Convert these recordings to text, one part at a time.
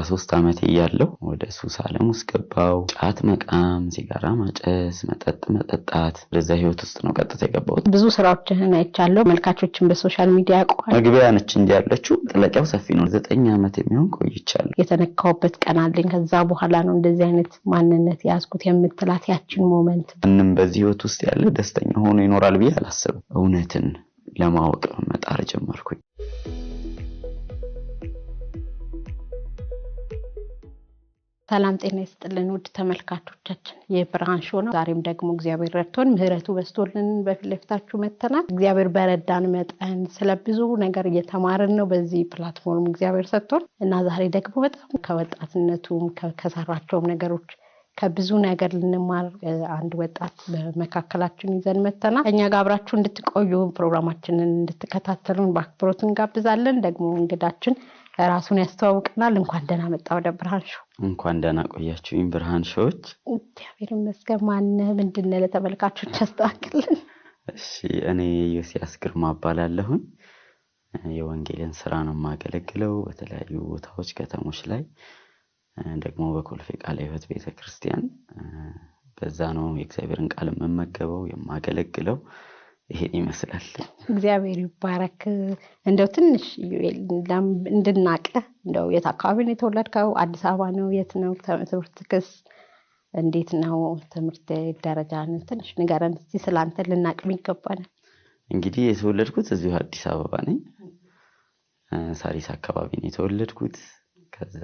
13 ዓመቴ እያለሁ ወደ ሱስ ዓለም ውስጥ ገባው። ጫት መቃም፣ ሲጋራ ማጨስ፣ መጠጥ መጠጣት፣ ወደዛ ህይወት ውስጥ ነው ቀጥታ የገባሁት። ብዙ ስራዎችህን አይቻለሁ። መልካቾችን በሶሻል ሚዲያ ያውቀዋል። መግቢያ ነች እንዲ ያለችው ጥለቂያው ሰፊ ነው። ዘጠኝ ዓመት የሚሆን ቆይቻለሁ። የተነካውበት ቀን አለኝ። ከዛ በኋላ ነው እንደዚህ አይነት ማንነት የያዝኩት የምትላት ያችን ሞመንት። ምንም በዚህ ህይወት ውስጥ ያለ ደስተኛ ሆኖ ይኖራል ብዬ አላስብም። እውነትን ለማወቅ መጣር ጀመርኩኝ። ሰላም ጤና ይስጥልን ውድ ተመልካቾቻችን፣ የብርሃን ሾ ነው። ዛሬም ደግሞ እግዚአብሔር ረድቶን ምሕረቱ በስቶልን በፊት ለፊታችሁ መጥተናል። እግዚአብሔር በረዳን መጠን ስለ ብዙ ነገር እየተማርን ነው በዚህ ፕላትፎርም እግዚአብሔር ሰጥቶን እና ዛሬ ደግሞ በጣም ከወጣትነቱም ከሰራቸውም ነገሮች ከብዙ ነገር ልንማር አንድ ወጣት በመካከላችን ይዘን መተናል። እኛ ጋር አብራችሁ እንድትቆዩ ፕሮግራማችንን እንድትከታተሉን በአክብሮት እንጋብዛለን። ደግሞ እንግዳችን ራሱን ያስተዋውቅናል። እንኳን ደህና መጣ ወደ ብርሃን ሾ እንኳን ደህና ቆያችሁኝ ብርሃን ሾዎች። እግዚአብሔር ይመስገን። ማነህ? ምንድነ ለተመልካቾች ያስተዋውቅልን። እሺ፣ እኔ ዮሲያስ ግርማ እባላለሁኝ። የወንጌልን ስራ ነው የማገለግለው በተለያዩ ቦታዎች ከተሞች ላይ ደግሞ በኮልፌ ቃለ ህይወት ቤተክርስቲያን በዛ ነው የእግዚአብሔርን ቃል የምመገበው የማገለግለው። ይሄን ይመስላል። እግዚአብሔር ይባረክ። እንደው ትንሽ እንድናቀ እንደው የት አካባቢ ነው የተወለድከው? አዲስ አበባ ነው? የት ነው ትምህርት ክስ እንዴት ነው ትምህርት ደረጃ ትንሽ ንገረን እስኪ ስለአንተ ልናቅ ይገባል። እንግዲህ የተወለድኩት እዚሁ አዲስ አበባ ነኝ። ሳሪስ አካባቢ ነው የተወለድኩት። ከዛ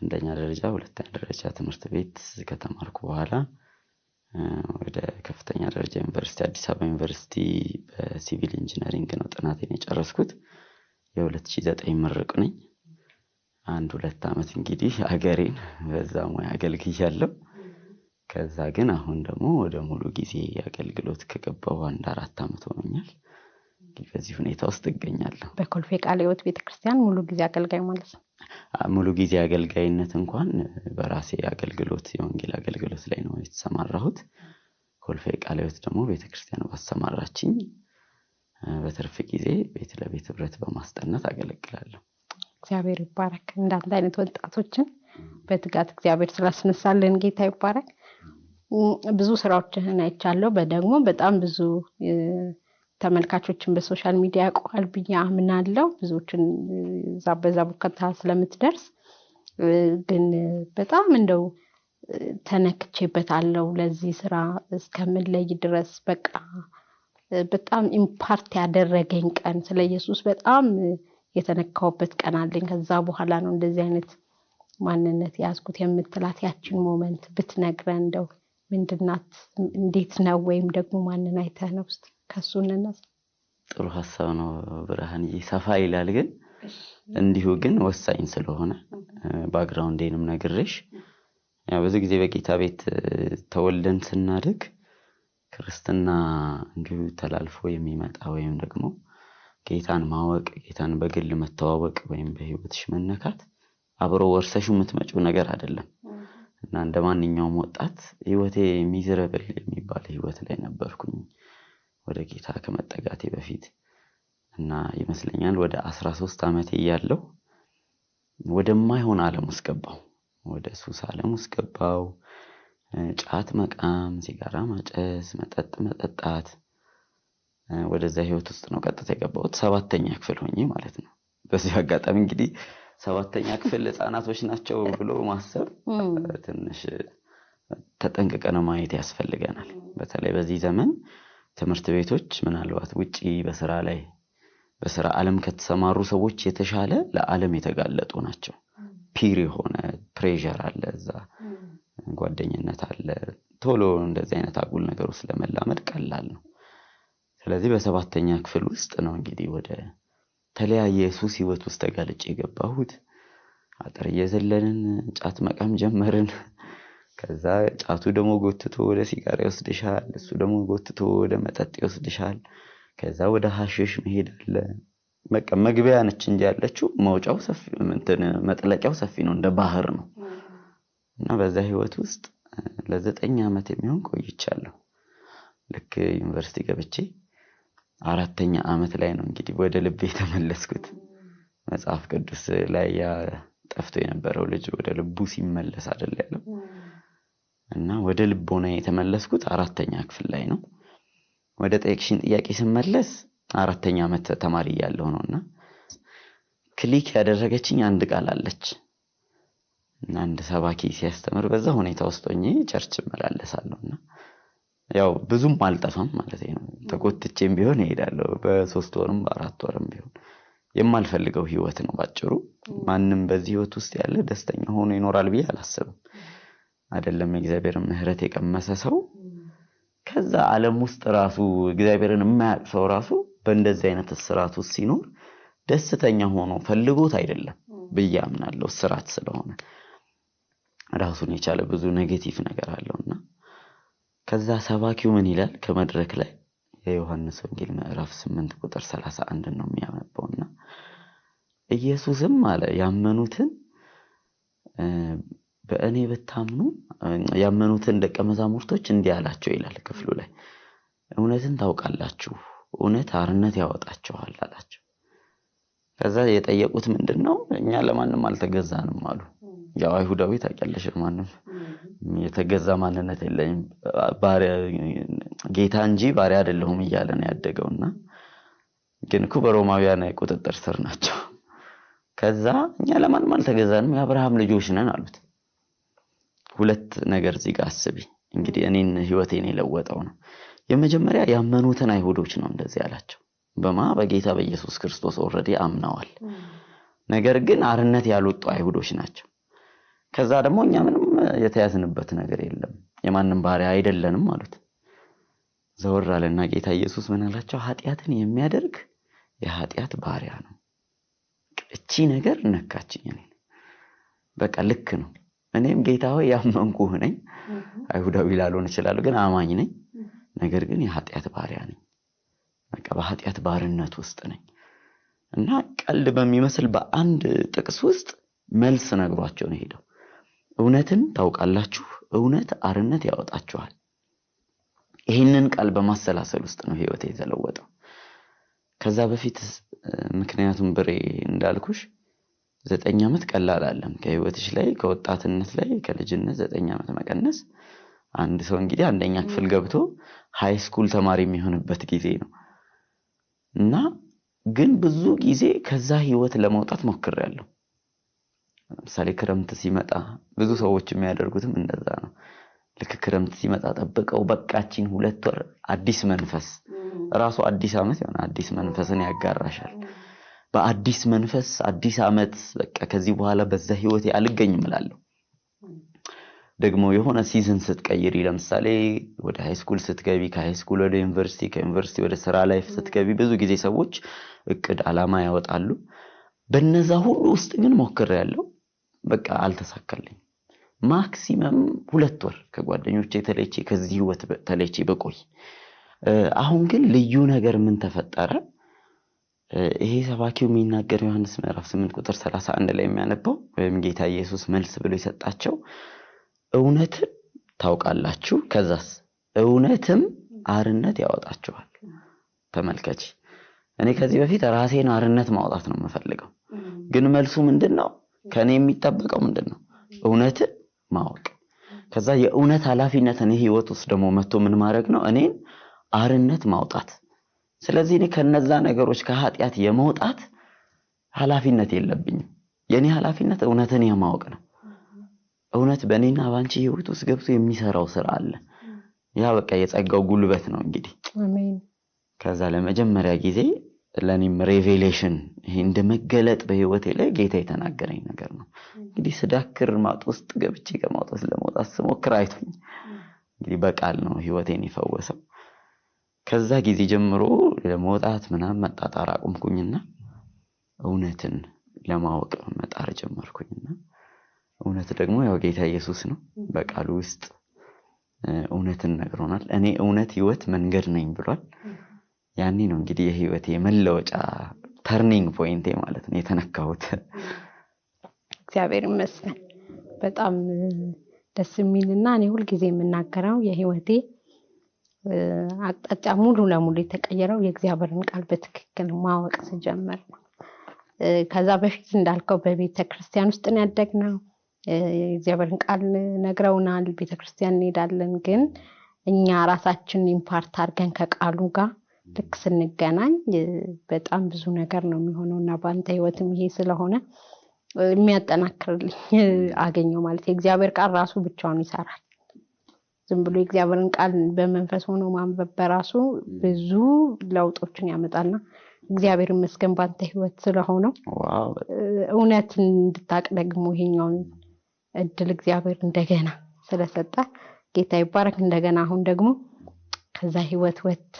አንደኛ ደረጃ ሁለተኛ ደረጃ ትምህርት ቤት ከተማርኩ በኋላ ወደ ከፍተኛ ደረጃ ዩኒቨርሲቲ አዲስ አበባ ዩኒቨርሲቲ በሲቪል ኢንጂነሪንግ ነው ጥናቴን የጨረስኩት። የ2009 ምሩቅ ነኝ። አንድ ሁለት ዓመት እንግዲህ ሀገሬን በዛ ሙያ አገልግያለሁ። ከዛ ግን አሁን ደግሞ ወደ ሙሉ ጊዜ አገልግሎት ከገባው አንድ አራት ዓመት ሆኖኛል። በዚህ ሁኔታ ውስጥ እገኛለሁ። በኮልፌ ቃለ ህይወት ቤተክርስቲያን ሙሉ ጊዜ አገልጋይ ማለት ነው። ሙሉ ጊዜ አገልጋይነት እንኳን በራሴ አገልግሎት የወንጌል አገልግሎት ላይ ነው የተሰማራሁት። ኮልፌ ቃለ ደግሞ ቤተክርስቲያን ባሰማራችኝ በትርፍ ጊዜ ቤት ለቤት ህብረት በማስጠነት አገለግላለሁ። እግዚአብሔር ይባረክ። እንዳንድ አይነት ወጣቶችን በትጋት እግዚአብሔር ስላስነሳለን ጌታ ይባረክ። ብዙ ስራዎችህን አይቻለሁ። በደግሞ በጣም ብዙ ተመልካቾችን በሶሻል ሚዲያ ያውቀዋል ብዬ አምናለው ብዙዎችን ዛ በዛ ቦከታ ስለምትደርስ ግን በጣም እንደው ተነክቼበት አለው ለዚህ ስራ እስከምለይ ድረስ በቃ በጣም ኢምፓርት ያደረገኝ ቀን ስለ ኢየሱስ በጣም የተነካውበት ቀን አለኝ። ከዛ በኋላ ነው እንደዚህ አይነት ማንነት ያዝኩት የምትላት ያችን ሞመንት ብትነግረን እንደው ምንድናት እንዴት ነው ወይም ደግሞ ማንን አይተህ ነው? ከሱ እንነሳ። ጥሩ ሀሳብ ነው ብርሃንዬ፣ ሰፋ ይላል ግን እንዲሁ ግን ወሳኝ ስለሆነ ባክግራውንዴንም ነግሬሽ፣ ብዙ ጊዜ በጌታ ቤት ተወልደን ስናድግ ክርስትና እንዲሁ ተላልፎ የሚመጣ ወይም ደግሞ ጌታን ማወቅ ጌታን በግል መተዋወቅ ወይም በህይወት መነካት አብሮ ወርሰሽ የምትመጪው ነገር አይደለም እና እንደ ማንኛውም ወጣት ህይወቴ ሚዝረብል የሚባል ህይወት ላይ ነበርኩኝ። ወደ ጌታ ከመጠጋቴ በፊት እና ይመስለኛል ወደ አስራ ሶስት ዓመቴ እያለሁ ወደማይሆን ዓለም ውስጥ ገባው። ወደ ሱስ አለም ውስጥ ገባው። ጫት መቃም፣ ሲጋራ ማጨስ፣ መጠጥ መጠጣት ወደዛ ህይወት ውስጥ ነው ቀጥታ የገባሁት ሰባተኛ ክፍል ሆኜ ማለት ነው። በዚህ አጋጣሚ እንግዲህ ሰባተኛ ክፍል ህፃናቶች ናቸው ብሎ ማሰብ ትንሽ ተጠንቅቀን ማየት ያስፈልገናል። በተለይ በዚህ ዘመን ትምህርት ቤቶች ምናልባት ውጪ በስራ ላይ በስራ አለም ከተሰማሩ ሰዎች የተሻለ ለአለም የተጋለጡ ናቸው። ፒር የሆነ ፕሬር አለ እዛ፣ ጓደኝነት አለ። ቶሎ እንደዚህ አይነት አጉል ነገር ውስጥ ለመላመድ ቀላል ነው። ስለዚህ በሰባተኛ ክፍል ውስጥ ነው እንግዲህ ወደ ተለያየ የሱስ ህይወት ውስጥ ተጋልጭ የገባሁት። አጥር እየዘለንን ጫት መቃም ጀመርን። ከዛ ጫቱ ደግሞ ጎትቶ ወደ ሲጋራ ይወስድሻል። እሱ ደግሞ ጎትቶ ወደ መጠጥ ይወስድሻል። ከዛ ወደ ሀሽሽ መሄድ አለ። በቃ መግቢያ ነች እንጂ ያለችው መውጫው ሰፊ እንትን መጥለቂያው ሰፊ ነው፣ እንደ ባህር ነው። እና በዛ ህይወት ውስጥ ለዘጠኝ ዓመት የሚሆን ቆይቻለሁ። ልክ ዩኒቨርሲቲ ገብቼ አራተኛ ዓመት ላይ ነው እንግዲህ ወደ ልቤ የተመለስኩት። መጽሐፍ ቅዱስ ላይ ያ ጠፍቶ የነበረው ልጅ ወደ ልቡ ሲመለስ አይደል ያለው እና ወደ ልቦና የተመለስኩት አራተኛ ክፍል ላይ ነው። ወደ ጠየቅሽኝ ጥያቄ ስመለስ አራተኛ ዓመት ተማሪ እያለሁ ነው እና ክሊክ ያደረገችኝ አንድ ቃል አለች እና አንድ ሰባኪ ሲያስተምር በዛ ሁኔታ ውስጥ ቸርች እመላለሳለሁ እና ያው ብዙም አልጠፋም ማለት ነው። ተቆትቼም ቢሆን ይሄዳለሁ በሶስት ወርም በአራት ወርም ቢሆን የማልፈልገው ህይወት ነው ባጭሩ። ማንም በዚህ ህይወት ውስጥ ያለ ደስተኛ ሆኖ ይኖራል ብዬ አላስብም። አይደለም የእግዚአብሔርን ምህረት የቀመሰ ሰው ከዛ ዓለም ውስጥ ራሱ እግዚአብሔርን የማያውቅ ሰው ራሱ በእንደዚህ አይነት እስራት ውስጥ ሲኖር ደስተኛ ሆኖ ፈልጎት አይደለም ብዬ አምናለሁ። እስራት ስለሆነ ራሱን የቻለ ብዙ ኔጌቲቭ ነገር አለውና ከዛ ሰባኪው ምን ይላል ከመድረክ ላይ የዮሐንስ ወንጌል ምዕራፍ 8 ቁጥር 31 ነው የሚያነበውና ኢየሱስም አለ ያመኑትን በእኔ ብታምኑ ያመኑትን ደቀ መዛሙርቶች እንዲህ አላቸው ይላል ክፍሉ ላይ እውነትን ታውቃላችሁ፣ እውነት አርነት ያወጣችኋል አላቸው። ከዛ የጠየቁት ምንድን ነው? እኛ ለማንም አልተገዛንም አሉ። ያው አይሁዳዊ ታውቂያለሽ፣ ማንም የተገዛ ማንነት የለኝም ጌታ እንጂ ባሪያ አደለሁም እያለ ነው ያደገውና ግን እኮ በሮማውያን ቁጥጥር ስር ናቸው። ከዛ እኛ ለማንም አልተገዛንም የአብርሃም ልጆች ነን አሉት። ሁለት ነገር እዚህ ጋር አስቢ። እንግዲህ እኔን ህይወቴን የለወጠው ነው። የመጀመሪያ ያመኑትን አይሁዶች ነው እንደዚህ ያላቸው። በማ በጌታ በኢየሱስ ክርስቶስ ኦልሬዲ አምነዋል። ነገር ግን አርነት ያልወጡ አይሁዶች ናቸው። ከዛ ደግሞ እኛ ምንም የተያዝንበት ነገር የለም የማንም ባሪያ አይደለንም አሉት። ዘወር አለና ጌታ ኢየሱስ ምን አላቸው? ኃጢአትን የሚያደርግ የኃጢአት ባሪያ ነው። እቺ ነገር ነካችኝ። በቃ ልክ ነው። እኔም ጌታ ሆይ ያመንኩህ ነኝ። አይሁዳዊ ላልሆን እችላለሁ፣ ግን አማኝ ነኝ። ነገር ግን የኃጢአት ባሪያ ነኝ። በቃ በኃጢአት ባርነት ውስጥ ነኝ እና ቀልድ በሚመስል በአንድ ጥቅስ ውስጥ መልስ ነግሯቸው ነው ሄደው። እውነትን ታውቃላችሁ፣ እውነት አርነት ያወጣችኋል። ይህንን ቃል በማሰላሰል ውስጥ ነው ህይወት የተለወጠው። ከዛ በፊት ምክንያቱም ብሬ እንዳልኩሽ ዘጠኝ ዓመት ቀላል አለም ከህይወትሽ ላይ ከወጣትነት ላይ ከልጅነት ዘጠኝ ዓመት መቀነስ አንድ ሰው እንግዲህ አንደኛ ክፍል ገብቶ ሀይ ስኩል ተማሪ የሚሆንበት ጊዜ ነው እና ግን ብዙ ጊዜ ከዛ ህይወት ለመውጣት ሞክር ያለው ለምሳሌ ክረምት ሲመጣ ብዙ ሰዎች የሚያደርጉትም እንደዛ ነው። ልክ ክረምት ሲመጣ ጠብቀው በቃችን ሁለት ወር አዲስ መንፈስ ራሱ አዲስ አመት የሆነ አዲስ መንፈስን ያጋራሻል። በአዲስ መንፈስ አዲስ ዓመት በቃ ከዚህ በኋላ በዛ ህይወት ያልገኝ ምላለሁ። ደግሞ የሆነ ሲዝን ስትቀይሪ ለምሳሌ ወደ ሃይስኩል ስትገቢ፣ ከሃይስኩል ወደ ዩኒቨርሲቲ፣ ከዩኒቨርሲቲ ወደ ስራ ላይፍ ስትገቢ ብዙ ጊዜ ሰዎች እቅድ አላማ ያወጣሉ። በነዛ ሁሉ ውስጥ ግን ሞክር ያለው በቃ አልተሳካልኝ። ማክሲመም ሁለት ወር ከጓደኞቼ ተለይቼ ከዚህ ህይወት ተለይቼ በቆይ። አሁን ግን ልዩ ነገር ምን ተፈጠረ? ይሄ ሰባኪው የሚናገር ዮሐንስ ምዕራፍ ስምንት ቁጥር አንድ ላይ የሚያነባው ወይም ጌታ ኢየሱስ መልስ ብሎ የሰጣቸው እውነትን ታውቃላችሁ፣ ከዛስ እውነትም አርነት ያወጣችኋል። ተመልከች፣ እኔ ከዚህ በፊት ራሴን አርነት ማውጣት ነው የምፈልገው፣ ግን መልሱ ምንድን ነው? ከእኔ የሚጠበቀው ምንድን ነው? እውነትን ማወቅ። ከዛ የእውነት ኃላፊነትን ህይወት ውስጥ ደግሞ መጥቶ ምን ማድረግ ነው? እኔን አርነት ማውጣት ስለዚህ እኔ ከነዛ ነገሮች ከኃጢአት የመውጣት ኃላፊነት የለብኝም። የኔ ኃላፊነት እውነትን የማወቅ ነው። እውነት በእኔና በአንቺ ህይወት ውስጥ ገብቶ የሚሰራው ስራ አለ። ያ በቃ የጸጋው ጉልበት ነው። እንግዲህ ከዛ ለመጀመሪያ ጊዜ ለእኔም ሬቬሌሽን ይሄ እንደ መገለጥ በህይወቴ ላይ ጌታ የተናገረኝ ነገር ነው። እንግዲህ ስዳክር ማጥ ውስጥ ገብቼ ከማውጣት ለመውጣት ስሞክር አይቶኝ እንግዲህ በቃል ነው ህይወቴን የፈወሰው። ከዛ ጊዜ ጀምሮ ለመውጣት ምናምን መጣጣር አቁምኩኝና እውነትን ለማወቅ መጣር ጀመርኩኝና እውነት ደግሞ ያው ጌታ ኢየሱስ ነው። በቃሉ ውስጥ እውነትን ነግሮናል። እኔ እውነት ህይወት መንገድ ነኝ ብሏል። ያኔ ነው እንግዲህ የህይወት መለወጫ ተርኒንግ ፖይንቴ ማለት ነው የተነካሁት። እግዚአብሔር ይመስል በጣም ደስ የሚልና እኔ ሁልጊዜ የምናገረው የህይወቴ አቅጣጫ ሙሉ ለሙሉ የተቀየረው የእግዚአብሔርን ቃል በትክክል ማወቅ ስጀምር ከዛ በፊት እንዳልከው በቤተ ክርስቲያን ውስጥ ነው ነው የእግዚአብሔርን ቃል ነግረውናል፣ ቤተ ክርስቲያን እንሄዳለን። ግን እኛ ራሳችን ኢምፓርት አድርገን ከቃሉ ጋር ልክ ስንገናኝ በጣም ብዙ ነገር ነው የሚሆነው እና በአንተ ህይወትም ይሄ ስለሆነ የሚያጠናክርልኝ አገኘው ማለት የእግዚአብሔር ቃል ራሱ ብቻውን ይሰራል ዝም ብሎ የእግዚአብሔርን ቃል በመንፈስ ሆኖ ማንበብ በራሱ ብዙ ለውጦችን ያመጣልና እግዚአብሔር ይመስገን ባንተ ህይወት ስለሆነው እውነት እንድታቅ ደግሞ ይሄኛውን እድል እግዚአብሔር እንደገና ስለሰጠ ጌታ ይባረክ። እንደገና አሁን ደግሞ ከዛ ህይወት ወተ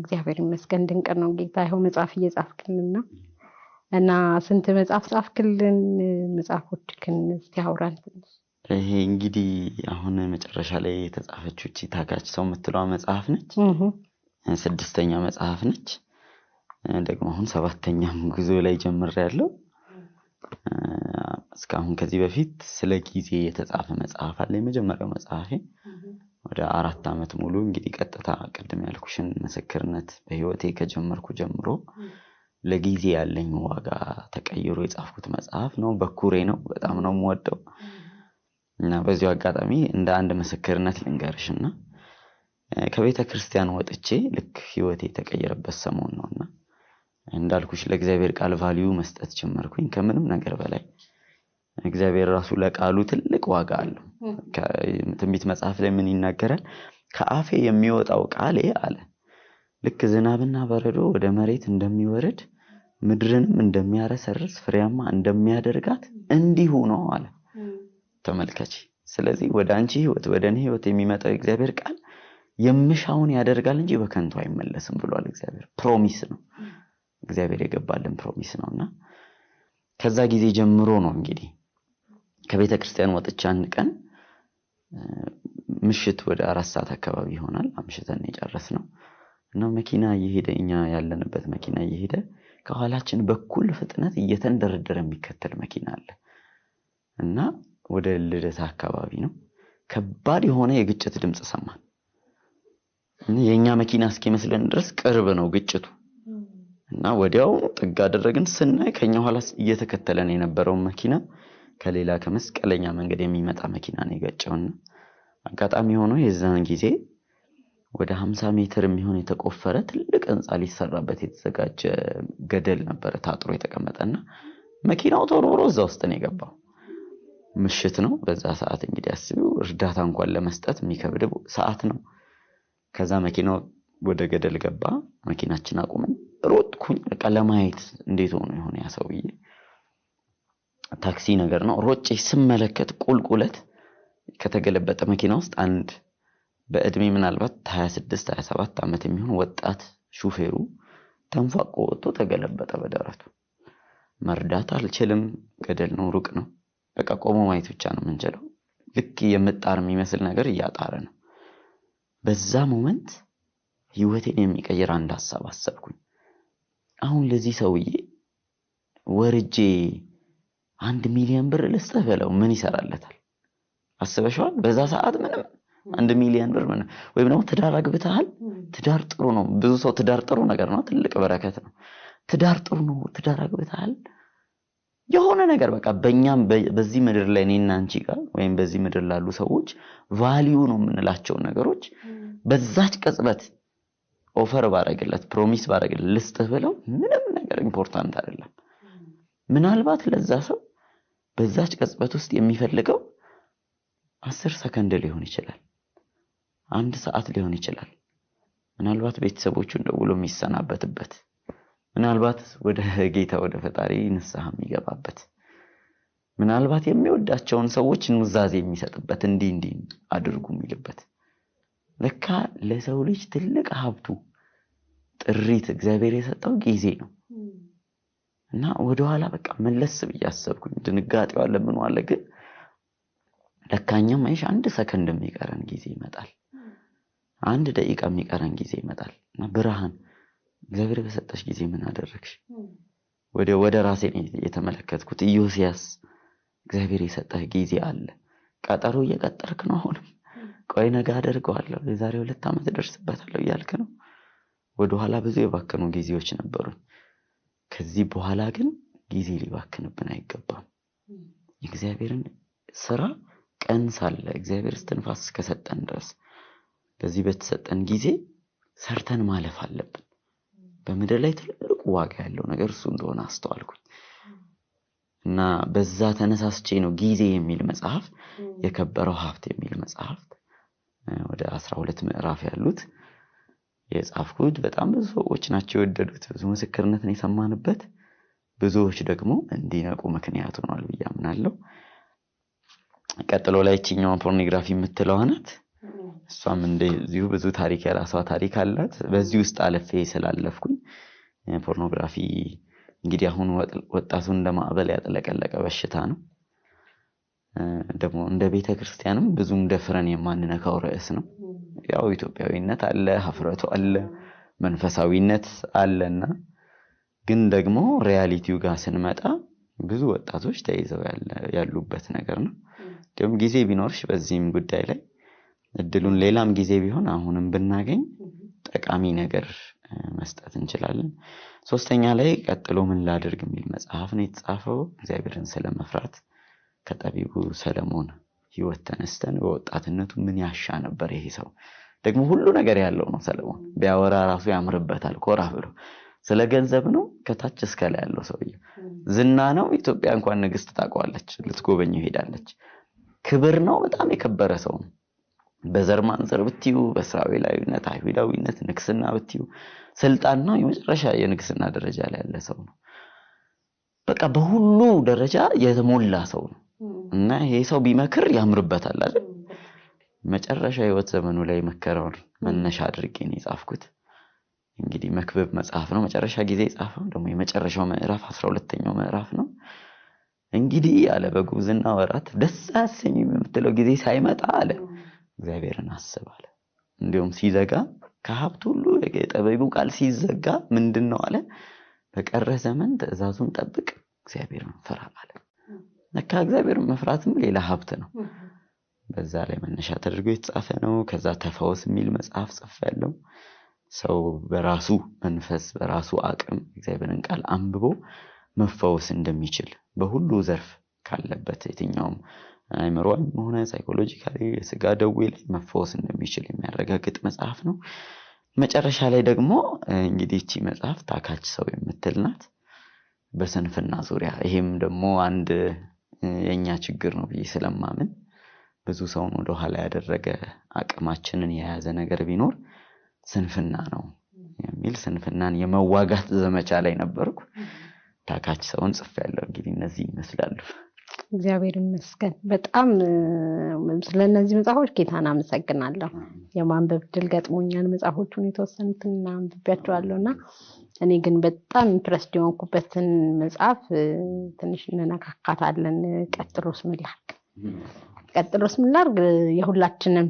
እግዚአብሔር ይመስገን ድንቅ ነው ጌታ። ይኸው መጽሐፍ እየጻፍክልና እና ስንት መጽሐፍ ጻፍክልን? መጽሐፎችክን እስቲ አውራን ትንሽ ይሄ እንግዲህ አሁን መጨረሻ ላይ የተጻፈችው እቺ ሰው የምትለዋ መጽሐፍ ነች። ስድስተኛ መጽሐፍ ነች። ደግሞ አሁን ሰባተኛም ጉዞ ላይ ጀምር ያለው። እስካሁን ከዚህ በፊት ስለ ጊዜ የተጻፈ መጽሐፍ አለ። የመጀመሪያው መጽሐፌ ወደ አራት ዓመት ሙሉ እንግዲህ ቀጥታ ቅድም ያልኩሽን ምስክርነት በህይወቴ ከጀመርኩ ጀምሮ ለጊዜ ያለኝ ዋጋ ተቀይሮ የጻፍኩት መጽሐፍ ነው። በኩሬ ነው። በጣም ነው የምወደው። እና በዚሁ አጋጣሚ እንደ አንድ ምስክርነት ልንገርሽ እና ከቤተ ክርስቲያን ወጥቼ ልክ ህይወቴ የተቀየረበት ሰሞን ነው እና እንዳልኩሽ ለእግዚአብሔር ቃል ቫሊዩ መስጠት ጀመርኩኝ። ከምንም ነገር በላይ እግዚአብሔር ራሱ ለቃሉ ትልቅ ዋጋ አለው። ትንቢት መጽሐፍ ላይ ምን ይናገራል? ከአፌ የሚወጣው ቃሌ አለ ልክ ዝናብና በረዶ ወደ መሬት እንደሚወርድ ምድርንም እንደሚያረሰርስ ፍሬያማ እንደሚያደርጋት እንዲሁ ነው አለ። ተመልከች። ስለዚህ ወደ አንቺ ህይወት ወደ እኔ ህይወት የሚመጣው የእግዚአብሔር ቃል የምሻውን ያደርጋል እንጂ በከንቱ አይመለስም ብሏል እግዚአብሔር። ፕሮሚስ ነው እግዚአብሔር የገባልን ፕሮሚስ ነው እና ከዛ ጊዜ ጀምሮ ነው እንግዲህ ከቤተ ክርስቲያን ወጥቼ አንድ ቀን ምሽት ወደ አራት ሰዓት አካባቢ ይሆናል አምሽተን የጨረስ ነው እና መኪና እየሄደ እኛ ያለንበት መኪና እየሄደ ከኋላችን በኩል ፍጥነት እየተንደረደረ የሚከተል መኪና አለ እና ወደ ልደት አካባቢ ነው። ከባድ የሆነ የግጭት ድምፅ ሰማን። የእኛ መኪና እስኪመስለን ድረስ ቅርብ ነው ግጭቱ እና ወዲያው ጥግ አደረግን። ስናይ ከኛ ኋላ እየተከተለን የነበረውን መኪና ከሌላ ከመስቀለኛ መንገድ የሚመጣ መኪና ነው የገጨውና አጋጣሚ ሆኖ የዛን ጊዜ ወደ ሀምሳ ሜትር የሚሆን የተቆፈረ ትልቅ ህንፃ ሊሰራበት የተዘጋጀ ገደል ነበረ ታጥሮ የተቀመጠና መኪናው ተወርብሮ እዛ ውስጥ ነው የገባው። ምሽት ነው። በዛ ሰዓት እንግዲህ አስቢው እርዳታ እንኳን ለመስጠት የሚከብድ ሰዓት ነው። ከዛ መኪናው ወደ ገደል ገባ። መኪናችን አቁመን ሮጥኩኝ። በቃ ለማየት እንዴት ሆኖ የሆነ ያሰውዬ ታክሲ ነገር ነው። ሮጭ ስመለከት ቁልቁለት ከተገለበጠ መኪና ውስጥ አንድ በእድሜ ምናልባት 26 27 ዓመት የሚሆን ወጣት ሹፌሩ ተንፏቆ ወጥቶ ተገለበጠ በደረቱ። መርዳት አልችልም፣ ገደል ነው፣ ሩቅ ነው። በቃ ቆሞ ማየት ብቻ ነው የምንችለው። ልክ የምጣር የሚመስል ነገር እያጣረ ነው። በዛ ሞመንት ህይወቴን የሚቀይር አንድ ሀሳብ አሰብኩኝ። አሁን ለዚህ ሰውዬ ወርጄ አንድ ሚሊዮን ብር ልስጥህ በለው ምን ይሰራለታል? አስበሽዋል? በዛ ሰዓት ምንም አንድ ሚሊዮን ብር ምን ወይም ደግሞ ትዳር አግብተሃል። ትዳር ጥሩ ነው። ብዙ ሰው ትዳር ጥሩ ነገር ነው፣ ትልቅ በረከት ነው። ትዳር ጥሩ ነው፣ ትዳር አግብተሃል የሆነ ነገር በቃ በእኛም በዚህ ምድር ላይ እኔና አንቺ ጋር ወይም በዚህ ምድር ላሉ ሰዎች ቫሊዩ ነው የምንላቸውን ነገሮች በዛች ቅጽበት ኦፈር ባረግለት ፕሮሚስ ባረግለት ልስጥህ ብለው ምንም ነገር ኢምፖርታንት አይደለም። ምናልባት ለዛ ሰው በዛች ቅጽበት ውስጥ የሚፈልገው አስር ሰከንድ ሊሆን ይችላል፣ አንድ ሰዓት ሊሆን ይችላል። ምናልባት ቤተሰቦቹ እንደውሎ የሚሰናበትበት ምናልባት ወደ ጌታ ወደ ፈጣሪ ንስሐ የሚገባበት ምናልባት የሚወዳቸውን ሰዎች ኑዛዜ የሚሰጥበት እንዲህ እንዲህ አድርጉ የሚልበት ለካ ለሰው ልጅ ትልቅ ሀብቱ ጥሪት እግዚአብሔር የሰጠው ጊዜ ነው እና ወደኋላ በቃ መለስ ብያሰብኩኝ ድንጋጤው አለ አለ ግን ለካኛም አይሽ አንድ ሰከንድ የሚቀረን ጊዜ ይመጣል። አንድ ደቂቃ የሚቀረን ጊዜ ይመጣል እና ብርሃን ለእግር በሰጠሽ ጊዜ ምን አደረግሽ? ወደ ወደ ራሴ የተመለከትኩት ኢዮስያስ እግዚአብሔር የሰጠህ ጊዜ አለ። ቀጠሮ እየቀጠርክ ነው። አሁንም ቆይ ነገ አደርገዋለሁ፣ የዛሬ ሁለት ዓመት ደርስበታለሁ እያልክ ነው። ወደኋላ ብዙ የባከኑ ጊዜዎች ነበሩን። ከዚህ በኋላ ግን ጊዜ ሊባክንብን አይገባም። የእግዚአብሔርን ስራ ቀን ሳለ እግዚአብሔር እስትንፋስ እስከሰጠን ድረስ በዚህ በተሰጠን ጊዜ ሰርተን ማለፍ አለብን። በምድር ላይ ትልቅ ዋጋ ያለው ነገር እሱ እንደሆነ አስተዋልኩኝ እና በዛ ተነሳስቼ ነው ጊዜ የሚል መጽሐፍ የከበረው ሀብት የሚል መጽሐፍ ወደ አስራ ሁለት ምዕራፍ ያሉት የጻፍኩት በጣም ብዙ ሰዎች ናቸው የወደዱት። ብዙ ምስክርነትን የሰማንበት፣ ብዙዎች ደግሞ እንዲነቁ ምክንያት ሆኗል ብዬ ቀጥሎ ላይ ችኛውን ፖርኖግራፊ የምትለው ናት። እሷም እንደዚሁ ብዙ ታሪክ የራሷ ታሪክ አላት። በዚህ ውስጥ አለፌ ስላለፍኩኝ ፖርኖግራፊ እንግዲህ አሁን ወጣቱን እንደ ማዕበል ያጥለቀለቀ በሽታ ነው። ደግሞ እንደ ቤተ ክርስቲያንም ብዙም ደፍረን የማንነካው ርዕስ ነው። ያው ኢትዮጵያዊነት አለ፣ ሀፍረቱ አለ፣ መንፈሳዊነት አለና ግን ደግሞ ሪያሊቲው ጋር ስንመጣ ብዙ ወጣቶች ተይዘው ያሉበት ነገር ነው። እንዲሁም ጊዜ ቢኖርሽ በዚህም ጉዳይ ላይ እድሉን ሌላም ጊዜ ቢሆን አሁንም ብናገኝ ጠቃሚ ነገር መስጠት እንችላለን። ሶስተኛ ላይ ቀጥሎ ምን ላድርግ የሚል መጽሐፍ ነው የተጻፈው። እግዚአብሔርን ስለመፍራት ከጠቢቡ ሰለሞን ህይወት ተነስተን በወጣትነቱ ምን ያሻ ነበር ይሄ ሰው ደግሞ ሁሉ ነገር ያለው ነው። ሰለሞን ቢያወራ ራሱ ያምርበታል። ኮራ ብሎ ስለ ገንዘብ ነው ከታች እስከ ላይ ያለው ሰው ዝና ነው። ኢትዮጵያ እንኳን ንግስት ታውቀዋለች፣ ልትጎበኘው ሄዳለች። ክብር ነው። በጣም የከበረ ሰው ነው። በዘር ማንዘር ብትዩ፣ በእስራኤላዊነት አይሁዳዊነት፣ ንግስና ብትዩ ስልጣን ነው የመጨረሻ የንግስና ደረጃ ላይ ያለ ሰው ነው። በቃ በሁሉ ደረጃ የተሞላ ሰው ነው እና ይሄ ሰው ቢመክር ያምርበታል አይደል? መጨረሻ ህይወት ዘመኑ ላይ መከረውን መነሻ አድርጌ ነው የጻፍኩት። እንግዲህ መክብብ መጽሐፍ ነው መጨረሻ ጊዜ የጻፈው ደግሞ የመጨረሻው ምዕራፍ አስራ ሁለተኛው ምዕራፍ ነው። እንግዲህ አለ በጉብዝና ወራት ደስ አሰኝ የምትለው ጊዜ ሳይመጣ አለ እግዚአብሔርን አስብ አለ። እንዲሁም ሲዘጋ ከሀብት ሁሉ የጠበቡ ቃል ሲዘጋ ምንድን ነው አለ? በቀረ ዘመን ትእዛዙን ጠብቅ፣ እግዚአብሔርን ፍራ አለ። ለካ እግዚአብሔርን መፍራትም ሌላ ሀብት ነው። በዛ ላይ መነሻ ተደርጎ የተጻፈ ነው። ከዛ ተፈወስ የሚል መጽሐፍ ያለው ሰው በራሱ መንፈስ በራሱ አቅም እግዚአብሔርን ቃል አንብቦ መፈወስ እንደሚችል በሁሉ ዘርፍ ካለበት የትኛውም አይምሮም ሆነ ሳይኮሎጂካሊ የስጋ ደዌ ላይ መፈወስ እንደሚችል የሚያረጋግጥ መጽሐፍ ነው። መጨረሻ ላይ ደግሞ እንግዲህ እቺ መጽሐፍ ታካች ሰው የምትል ናት። በስንፍና ዙሪያ ይሄም ደግሞ አንድ የእኛ ችግር ነው ብዬ ስለማምን ብዙ ሰውን ወደኋላ ያደረገ አቅማችንን የያዘ ነገር ቢኖር ስንፍና ነው የሚል ስንፍናን የመዋጋት ዘመቻ ላይ ነበርኩ። ታካች ሰውን ያለው እንግዲህ እነዚህ ይመስላሉ። እግዚአብሔር ይመስገን። በጣም ስለነዚህ መጽሐፎች ጌታን አመሰግናለሁ። የማንበብ ድል ገጥሞኛል። መጽሐፎቹን የተወሰኑትን አንብቢያቸዋለሁ እና እኔ ግን በጣም ኢምፕረስድ የሆንኩበትን መጽሐፍ ትንሽ እንነካካታለን። ቀጥሎስ ምን ቀጥሎስ የሁላችንም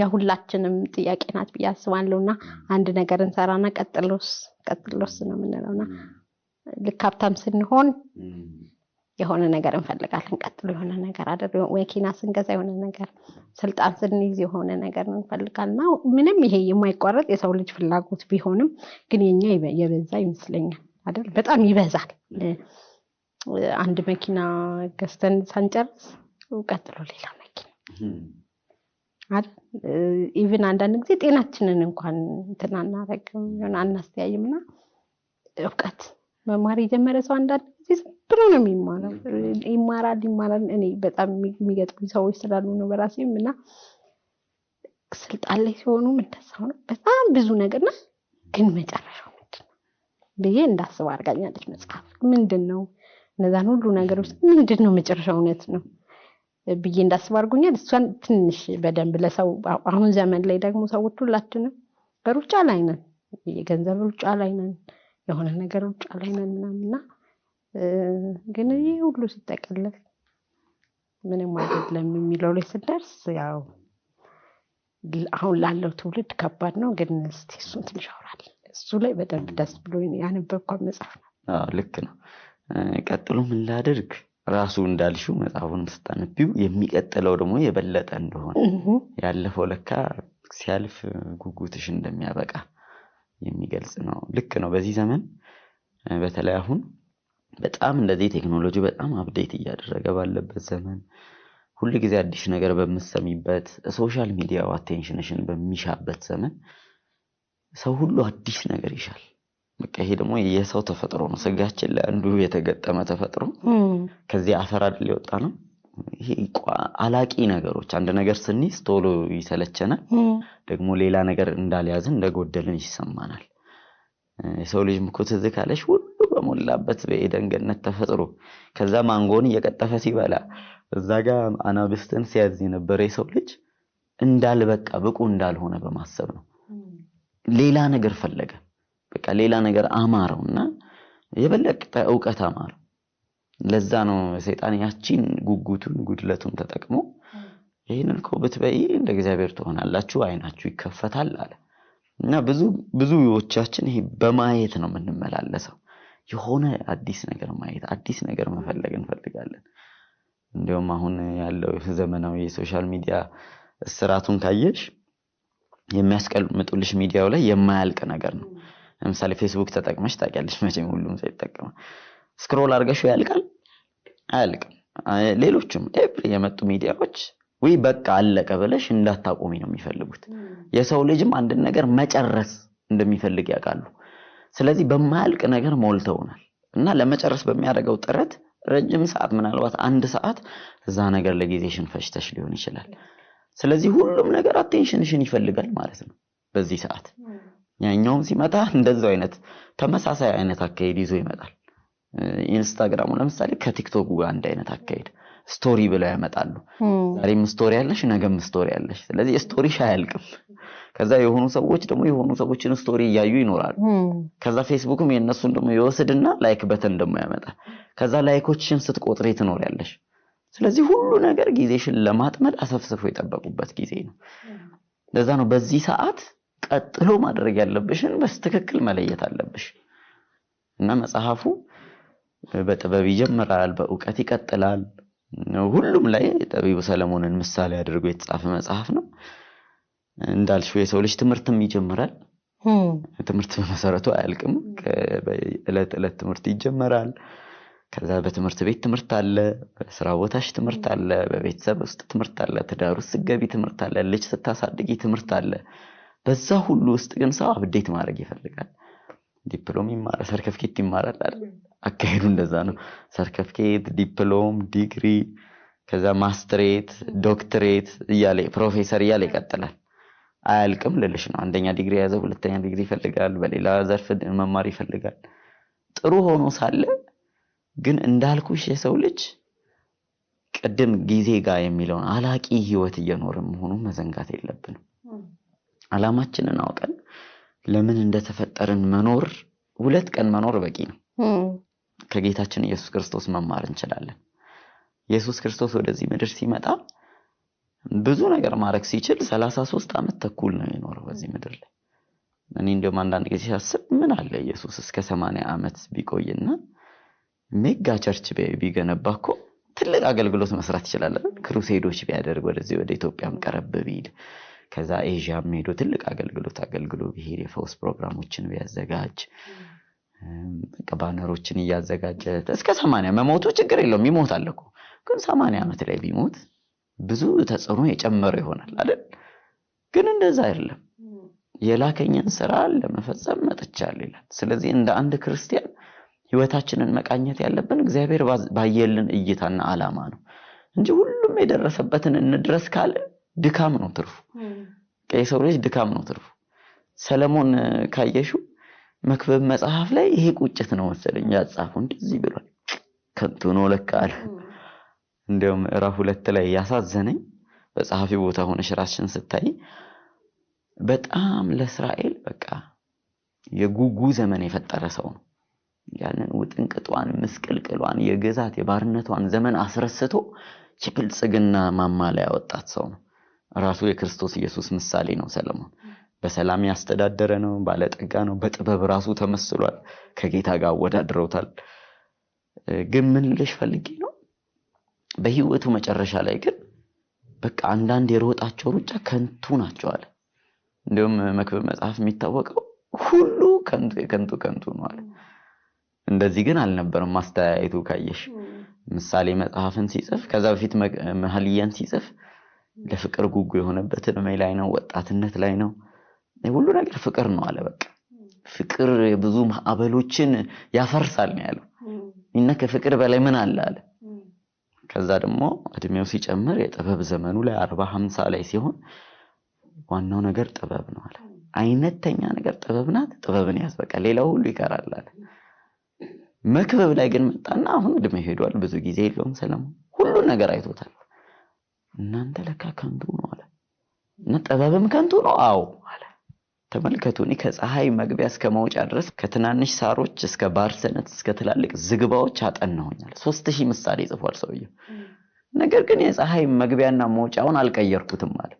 የሁላችንም ጥያቄ ናት ብዬ አስባለሁ እና አንድ ነገር እንሰራና ቀጥሎስ ቀጥሎስ ነው የምንለውና ልክ ሀብታም ስንሆን የሆነ ነገር እንፈልጋለን። ቀጥሎ የሆነ ነገር አደር መኪና ስንገዛ የሆነ ነገር፣ ስልጣን ስንይዝ የሆነ ነገር ና ምንም ይሄ የማይቋረጥ የሰው ልጅ ፍላጎት ቢሆንም ግን የኛ የበዛ ይመስለኛል አይደል? በጣም ይበዛል። አንድ መኪና ገዝተን ሳንጨርስ ቀጥሎ ሌላ መኪና ኢቭን አንዳንድ ጊዜ ጤናችንን እንኳን እንትን አናረግም፣ ሆነ አናስተያይምና እውቀት መማር የጀመረ ሰው አንዳንድ ጊዜ ብሎ ነው የሚማረው ይማራል ይማራል። እኔ በጣም የሚገጥሙኝ ሰዎች ስላሉ ነው በራሴም እና ስልጣን ላይ ሲሆኑ እንደዛው ነው በጣም ብዙ ና ግን መጨረሻው ምንድን ነው ብዬ እንዳስብ አድርጋኛለች መጽሐፍ። ምንድን ነው እነዛን ሁሉ ነገሮች ምንድን ነው መጨረሻው እውነት ነው ብዬ እንዳስብ አድርጎኛል። እሷን ትንሽ በደንብ ለሰው አሁን ዘመን ላይ ደግሞ ሰዎች ሁላችንም በሩጫ ላይ ነን፣ የገንዘብ ሩጫ ላይ ነን፣ የሆነ ነገር ሩጫ ላይ ነን ምናምንና ግን ይህ ሁሉ ሲጠቀለል ምንም አይደለም የሚለው ላይ ስደርስ ያው አሁን ላለው ትውልድ ከባድ ነው። ግን እስቲ እሱን ትንሽ እሱ ላይ በደንብ ደስ ብሎ ያነበብኳት መጽሐፍ ነው። ልክ ነው። ቀጥሎ ምን ራሱ እንዳልሽው መጽሐፉን ስታነቢው የሚቀጥለው ደግሞ የበለጠ እንደሆነ ያለፈው ለካ ሲያልፍ ጉጉትሽ እንደሚያበቃ የሚገልጽ ነው። ልክ ነው። በዚህ ዘመን በተለይ አሁን በጣም እንደዚህ ቴክኖሎጂ በጣም አፕዴት እያደረገ ባለበት ዘመን ሁል ጊዜ አዲስ ነገር በምሰሚበት ሶሻል ሚዲያው አቴንሽንሽን በሚሻበት ዘመን ሰው ሁሉ አዲስ ነገር ይሻል። በቃ ይሄ ደግሞ የሰው ተፈጥሮ ነው። ስጋችን ለአንዱ የተገጠመ ተፈጥሮ ከዚህ አፈር አድል የወጣ ነው። ይሄ አላቂ ነገሮች አንድ ነገር ስኒስ ቶሎ ይሰለቸናል። ደግሞ ሌላ ነገር እንዳልያዝን እንደጎደልን ይሰማናል። የሰው ልጅ ምኮ ትዝ ካለሽ ሁሉ በሞላበት በኤደን ገነት ተፈጥሮ ከዛ ማንጎን እየቀጠፈ ሲበላ እዛ ጋ አናብስትን ሲያዝ የነበረ የሰው ልጅ እንዳልበቃ ብቁ እንዳልሆነ በማሰብ ነው። ሌላ ነገር ፈለገ። በቃ ሌላ ነገር አማረውና የበለጠ እውቀት አማረው። ለዛ ነው ሰይጣን ያቺን ጉጉቱን ጉድለቱን ተጠቅሞ ይህንን እኮ ብትበይ እንደ እግዚአብሔር ትሆናላችሁ፣ አይናችሁ ይከፈታል አለ። እና ብዙ ብዙዎቻችን ይሄ በማየት ነው የምንመላለሰው። የሆነ አዲስ ነገር ማየት አዲስ ነገር መፈለግ እንፈልጋለን። እንዲሁም አሁን ያለው ዘመናዊ የሶሻል ሚዲያ ስርዓቱን ካየሽ የሚያስቀምጡልሽ ሚዲያው ላይ የማያልቅ ነገር ነው። ለምሳሌ ፌስቡክ ተጠቅመሽ ታቂያለሽ መቼም ሁሉም ሰው ይጠቀመ ስክሮል አርገሹ ያልቃል አያልቅም። ሌሎችም ኤቭሪ የመጡ ሚዲያዎች ወይ በቃ አለቀ ብለሽ እንዳታቆሚ ነው የሚፈልጉት። የሰው ልጅም አንድን ነገር መጨረስ እንደሚፈልግ ያውቃሉ። ስለዚህ በማያልቅ ነገር ሞልተውናል እና ለመጨረስ በሚያደርገው ጥረት ረጅም ሰዓት ምናልባት አንድ ሰዓት እዛ ነገር ለጊዜሽን ፈጅተሽ ሊሆን ይችላል። ስለዚህ ሁሉም ነገር አቴንሽንሽን ይፈልጋል ማለት ነው በዚህ ሰዓት። ያኛውም ሲመጣ እንደዛው አይነት ተመሳሳይ አይነት አካሄድ ይዞ ይመጣል። ኢንስታግራሙ ለምሳሌ ከቲክቶክ ጋር አንድ አይነት አካሄድ ስቶሪ ብለው ያመጣሉ። ዛሬም ስቶሪ ያለሽ፣ ነገም ስቶሪ ያለሽ። ስለዚህ ስቶሪሽ አያልቅም። ከዛ የሆኑ ሰዎች ደግሞ የሆኑ ሰዎችን ስቶሪ እያዩ ይኖራሉ። ከዛ ፌስቡክም የእነሱን ደግሞ የወስድና ላይክ በተን ደግሞ ያመጣል። ከዛ ላይኮችን ስትቆጥሬ ትኖሪያለሽ። ስለዚህ ሁሉ ነገር ጊዜሽን ለማጥመድ አሰፍስፎ የጠበቁበት ጊዜ ነው። ለዛ ነው በዚህ ሰዓት ቀጥሎ ማድረግ ያለብሽን በስትክክል መለየት አለብሽ እና መጽሐፉ በጥበብ ይጀምራል፣ በእውቀት ይቀጥላል። ሁሉም ላይ ጠቢቡ ሰለሞንን ምሳሌ አድርጎ የተጻፈ መጽሐፍ ነው። እንዳልሽው የሰው ልጅ ትምህርትም ይጀምራል። ትምህርት በመሰረቱ አያልቅም። ዕለት ዕለት ትምህርት ይጀመራል። ከዛ በትምህርት ቤት ትምህርት አለ፣ በስራ ቦታሽ ትምህርት አለ፣ በቤተሰብ ውስጥ ትምህርት አለ፣ ትዳር ውስጥ ስትገቢ ትምህርት አለ፣ ልጅ ስታሳድጊ ትምህርት አለ። በዛ ሁሉ ውስጥ ግን ሰው አብዴት ማድረግ ይፈልጋል። ዲፕሎም ይማራል፣ ሰርተፍኬት ይማራል አይደል? አካሄዱ እንደዛ ነው። ሰርተፍኬት፣ ዲፕሎም፣ ዲግሪ ከዛ ማስትሬት፣ ዶክትሬት እያለ ፕሮፌሰር እያለ ይቀጥላል። አያልቅም ልልሽ ነው። አንደኛ ዲግሪ የያዘ ሁለተኛ ዲግሪ ይፈልጋል፣ በሌላ ዘርፍ መማር ይፈልጋል። ጥሩ ሆኖ ሳለ ግን እንዳልኩሽ የሰው ልጅ ቅድም ጊዜ ጋር የሚለውን አላቂ ህይወት እየኖርን መሆኑን መዘንጋት የለብንም። አላማችንን አውቀን ለምን እንደተፈጠርን መኖር ሁለት ቀን መኖር በቂ ነው። ከጌታችን ኢየሱስ ክርስቶስ መማር እንችላለን። ኢየሱስ ክርስቶስ ወደዚህ ምድር ሲመጣ ብዙ ነገር ማድረግ ሲችል ሰላሳ ሶስት ዓመት ተኩል ነው የኖረው በዚህ ምድር ላይ። እኔ እንዲሁም አንዳንድ ጊዜ ሲያስብ ምን አለ ኢየሱስ እስከ ሰማንያ ዓመት ቢቆይና ሜጋ ቸርች ቢገነባ እኮ ትልቅ አገልግሎት መስራት ይችላል። ክሩሴዶች ቢያደርግ ወደዚህ ወደ ኢትዮጵያም ቀረብ ቢል ከዛ ኤዥያም ሄዶ ትልቅ አገልግሎት አገልግሎ ቢሄድ የፈውስ ፕሮግራሞችን ቢያዘጋጅ ባነሮችን እያዘጋጀ እስከ ሰማንያ መሞቱ ችግር የለውም ይሞታል እኮ ግን ሰማንያ ዓመት ላይ ቢሞት ብዙ ተጽዕኖ የጨመረ ይሆናል አይደል ግን እንደዛ አይደለም የላከኝን ስራ ለመፈጸም መጥቻል ይላል ስለዚህ እንደ አንድ ክርስቲያን ህይወታችንን መቃኘት ያለብን እግዚአብሔር ባየልን እይታና አላማ ነው እንጂ ሁሉም የደረሰበትን እንድረስ ካልን ድካም ነው ትርፉ የሰው ልጅ ድካም ነው ትርፉ ሰለሞን ካየሽው መክበብ መጽሐፍ ላይ ይሄ ቁጭት ነው መሰለኝ ያጻፉ እንደዚህ ብሏል። ከንቱ ነው ለካ አለ። እንዲያውም ምዕራፍ ሁለት ላይ ያሳዘነኝ በጸሐፊ ቦታ ሆነሽ ራስሽን ስታይ በጣም ለእስራኤል በቃ የጉጉ ዘመን የፈጠረ ሰው ነው። ያንን ውጥንቅጧን፣ ምስቅልቅሏን የግዛት የባርነቷን ዘመን አስረስቶ የብልጽግና ማማ ላይ ያወጣት ሰው ነው። ራሱ የክርስቶስ ኢየሱስ ምሳሌ ነው ሰለሞን። በሰላም ያስተዳደረ ነው፣ ባለጠጋ ነው፣ በጥበብ ራሱ ተመስሏል። ከጌታ ጋር አወዳድረውታል። ግን ምን ልልሽ ፈልጌ ነው በህይወቱ መጨረሻ ላይ ግን በቃ አንዳንድ የሮጣቸው ሩጫ ከንቱ ናቸው አለ። እንዲሁም መክብብ መጽሐፍ የሚታወቀው ሁሉ ከንቱ የከንቱ ከንቱ ነው አለ። እንደዚህ ግን አልነበረም ማስተያየቱ። ካየሽ ምሳሌ መጽሐፍን ሲጽፍ ከዛ በፊት መኃልያን ሲጽፍ ለፍቅር ጉጉ የሆነበትን ላይ ነው፣ ወጣትነት ላይ ነው። ሁሉ ነገር ፍቅር ነው አለ። በቃ ፍቅር ብዙ ማዕበሎችን ያፈርሳል ነው ያለው እና ከፍቅር በላይ ምን አለ አለ። ከዛ ደግሞ እድሜው ሲጨምር የጥበብ ዘመኑ ላይ አርባ ሀምሳ ላይ ሲሆን ዋናው ነገር ጥበብ ነው አለ። አይነተኛ ነገር ጥበብ ናት። ጥበብን ያዝ በቃ ሌላው ሁሉ ይቀራል አለ። መክበብ ላይ ግን መጣና አሁን እድሜ ሄዷል፣ ብዙ ጊዜ የለውም ሰለሞን ሁሉን ነገር አይቶታል። እናንተ ለካ ከንቱ ነው አለ እና ጥበብም ከንቱ ነው አዎ አለ ተመልከቱ እኔ ከፀሐይ መግቢያ እስከ መውጫ ድረስ ከትናንሽ ሳሮች እስከ ባርሰነት እስከ ትላልቅ ዝግባዎች አጠናሁኛል። ሶስት ሺህ ምሳሌ ጽፏል ሰውየው። ነገር ግን የፀሐይ መግቢያና መውጫውን አልቀየርኩትም አለ።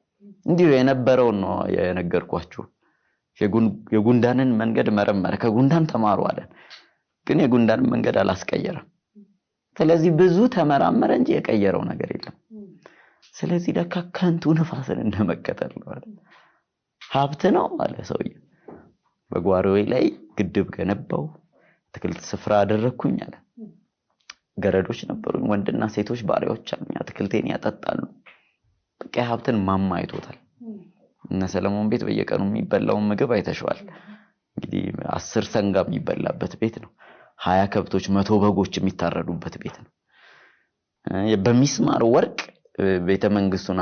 እንዲሁ የነበረውን ነው የነገርኳችሁ። የጉንዳንን መንገድ መረመረ፣ ከጉንዳን ተማሩ አለን። ግን የጉንዳንን መንገድ አላስቀየረም። ስለዚህ ብዙ ተመራመረ እንጂ የቀየረው ነገር የለም። ስለዚህ ለካ ከንቱ ንፋስን እንደመቀጠል ነው። ሀብት ነው አለ ሰውዬ። በጓሮዬ ላይ ግድብ ገነባው፣ አትክልት ስፍራ አደረግኩኝ አለ። ገረዶች ነበሩኝ፣ ወንድና ሴቶች ባሪያዎች አሉኝ፣ አትክልቴን ያጠጣሉ። በቃ ሀብትን ማማ አይቶታል። እነ ሰለሞን ቤት በየቀኑ የሚበላውን ምግብ አይተሸዋል። እንግዲህ አስር ሰንጋ የሚበላበት ቤት ነው። ሀያ ከብቶች መቶ በጎች የሚታረዱበት ቤት ነው። በሚስማር ወርቅ ቤተ መንግስቱን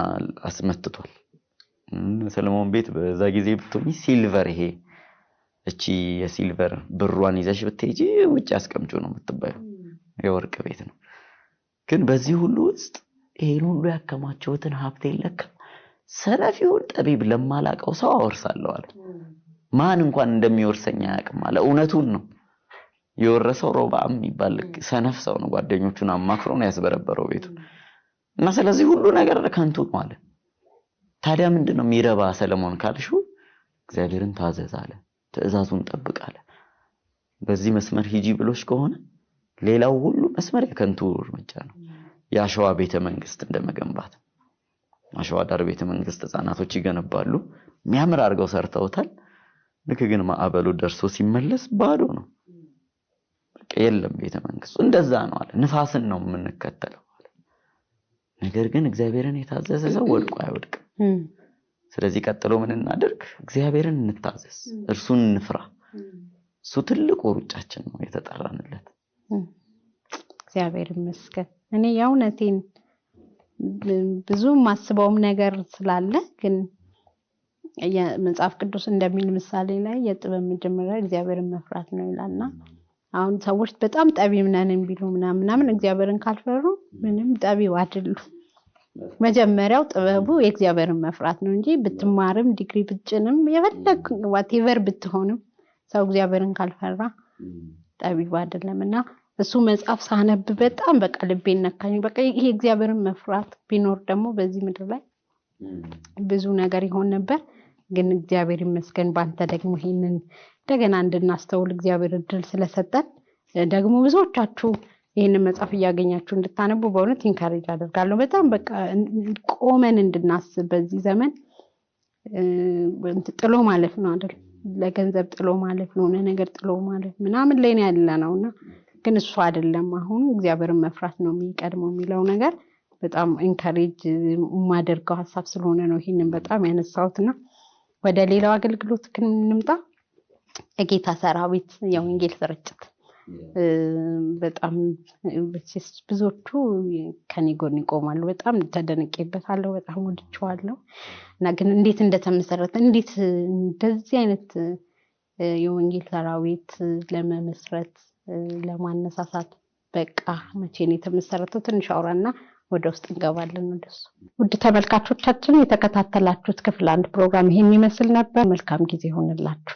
አስመትቷል። ሰለሞን ቤት በዛ ጊዜ ብትሆኚ ሲልቨር ይሄ እቺ የሲልቨር ብሯን ይዘሽ ብትሄጂ ውጭ አስቀምጩ ነው የምትባዩ። የወርቅ ቤት ነው። ግን በዚህ ሁሉ ውስጥ ይህን ሁሉ ያከማቸውትን ሀብት የለካ ሰለፊውን ጠቢብ ለማላቀው ሰው አወርሳለሁ አለ። ማን እንኳን እንደሚወርሰኝ አያቅም አለ። እውነቱን ነው። የወረሰው ሮብዓም የሚባል ሰነፍ ሰው ነው። ጓደኞቹን አማክሮ ነው ያስበረበረው ቤቱ እና ስለዚህ ሁሉ ነገር ከንቱ ነው አለ። ታዲያ ምንድን ነው የሚረባ ሰለሞን ካልሹ እግዚአብሔርን ታዘዝ አለ። ትእዛዙን ጠብቅ አለ። በዚህ መስመር ሂጂ ብሎች ከሆነ ሌላው ሁሉ መስመር የከንቱ እርምጃ ነው። የአሸዋ ቤተ መንግስት እንደመገንባት አሸዋ ዳር ቤተ መንግስት ህፃናቶች ይገነባሉ። የሚያምር አድርገው ሰርተውታል። ልክ ግን ማዕበሉ ደርሶ ሲመለስ ባዶ ነው፣ የለም ቤተ መንግስቱ። እንደዛ ነው አለ። ንፋስን ነው የምንከተለው ነገር ግን እግዚአብሔርን የታዘዘ ሰው ወድቆ አይወድቅም። ስለዚህ ቀጥሎ ምን እናድርግ? እግዚአብሔርን እንታዘዝ፣ እርሱን እንፍራ። እሱ ትልቁ ሩጫችን ነው የተጠራንለት። እግዚአብሔር ይመስገን። እኔ የእውነቴን ብዙ ማስበውም ነገር ስላለ ግን መጽሐፍ ቅዱስ እንደሚል ምሳሌ ላይ የጥበብ መጀመሪያ እግዚአብሔርን መፍራት ነው ይላልና አሁን ሰዎች በጣም ጠቢብ ነን የሚሉ ምናምን እግዚአብሔርን ካልፈሩ ምንም ጠቢብ አይደሉ መጀመሪያው ጥበቡ የእግዚአብሔርን መፍራት ነው እንጂ ብትማርም ዲግሪ ብጭንም የፈለግ ዋቴቨር ብትሆንም ሰው እግዚአብሔርን ካልፈራ ጠቢብ አይደለም እና እሱ መጽሐፍ ሳነብ በጣም በቃ ልቤ ነካኝ። በቃ ይህ እግዚአብሔርን መፍራት ቢኖር ደግሞ በዚህ ምድር ላይ ብዙ ነገር ይሆን ነበር። ግን እግዚአብሔር ይመስገን በአንተ ደግሞ ይሄንን እንደገና እንድናስተውል እግዚአብሔር እድል ስለሰጠን ደግሞ ብዙዎቻችሁ ይህንን መጽሐፍ እያገኛችሁ እንድታነቡ በእውነት ኢንካሬጅ አደርጋለሁ። በጣም በቃ ቆመን እንድናስብ በዚህ ዘመን ጥሎ ማለፍ ነው አይደል? ለገንዘብ ጥሎ ማለፍ፣ ለሆነ ነገር ጥሎ ማለፍ ምናምን ላይ ያለ ነው እና ግን እሱ አይደለም። አሁን እግዚአብሔርን መፍራት ነው የሚቀድመው የሚለው ነገር በጣም ኢንካሬጅ የማደርገው ሀሳብ ስለሆነ ነው ይህንን በጣም ያነሳሁት እና ወደ ሌላው አገልግሎት ክንምጣ የጌታ ሰራዊት የወንጌል ስርጭት በጣም ብዙዎቹ ከኔ ጎን ይቆማሉ። በጣም ተደንቄበታለሁ። በጣም ወድቼዋለሁ እና ግን እንዴት እንደተመሰረተ እንዴት እንደዚህ አይነት የወንጌል ሰራዊት ለመመስረት ለማነሳሳት በቃ መቼ ነው የተመሰረተው? ትንሽ አውራና ወደ ውስጥ እንገባለን። ወደሱ ውድ ተመልካቾቻችን የተከታተላችሁት ክፍል አንድ ፕሮግራም ይሄን ይመስል ነበር። መልካም ጊዜ ይሆንላችሁ።